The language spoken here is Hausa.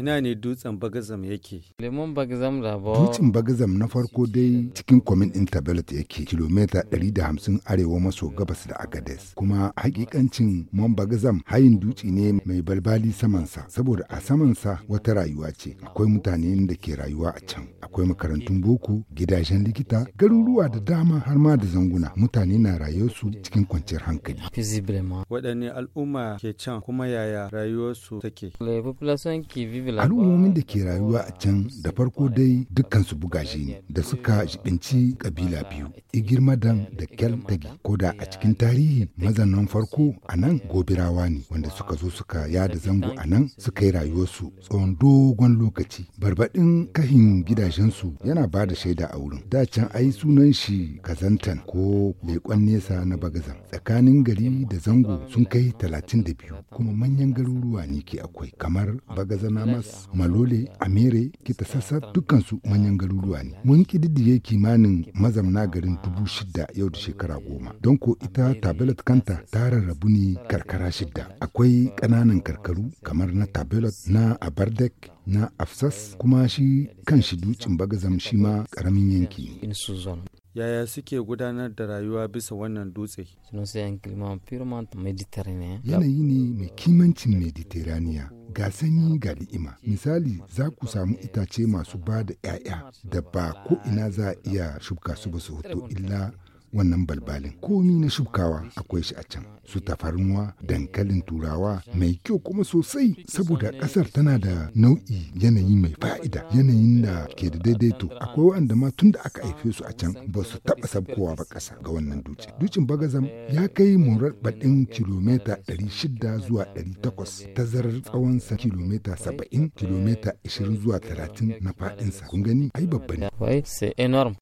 Ina ne dutsen Bagazam yake? Lemon Bagazam rabo. Dutsen Bagazam na farko dai cikin kwamin ɗin yake kilomita 150 arewa maso gabas da Agades. Kuma hakikancin Mon Bagazam hayin dutse ne mai balbali samansa saboda a samansa wata rayuwa ce. Akwai mutane da ke rayuwa a can. Akwai makarantun boko, gidajen likita, garuruwa da dama har ma da zanguna. Mutane na rayuwarsu cikin kwanciyar hankali. Waɗanne al'umma ke can kuma yaya rayuwarsu take? al'ummomin da ke rayuwa a can da farko dai dukkan su bugaje ne da suka jibinci kabila biyu igirmadan da keltagi ko da a cikin tarihi mazannan farko a nan gobirawa ne wanda suka zo suka yada zango a nan suka yi rayuwarsu tsawon dogon lokaci barbaɗin kahin gidajensu yana ba da shaida a wurin da can ai sunan shi kazantan ko leƙon nesa na bagazan tsakanin gari da zango sun kai talatin da biyu kuma manyan garuruwa ne ke akwai kamar bagazana ma Agadas, Malole, Amere, Kitasassa dukkansu manyan garuruwa ne. Mun kididdige kimanin mazamna garin dubu shida yau da shekara goma. Don ko ita Tabelot kanta ta rarrabu ne karkara shida. Akwai ƙananan karkaru kamar na Tabelot na Abardek na Afsas kuma shi kan shi ducin bagazam shi ma ƙaramin yanki yaya suke gudanar da rayuwa bisa wannan dutse yanayi ne mai kimancin mediterania ga sanyi ga li'ima misali za ku samu itace masu ba da 'ya'ya da ba ko ina za a iya shuka su ba su hoto illa wannan balbalin komi na shubkawa akwai shi a can su tafarnuwa dankalin turawa mai kyau kuma sosai saboda ƙasar tana da nau'i yanayi mai fa'ida yanayin da ke da daidaito akwai wa'anda ma tun da aka haife su a can ba su taba sabkowa ba ƙasa ga wannan duci ducin bagazam ya kai murar baɗin kilomita 600 zuwa 800 tazarar tsawonsa kilomita 70 kilomita 20 zuwa talatin na faɗinsa kun gani ai babba ne. Wai, enorm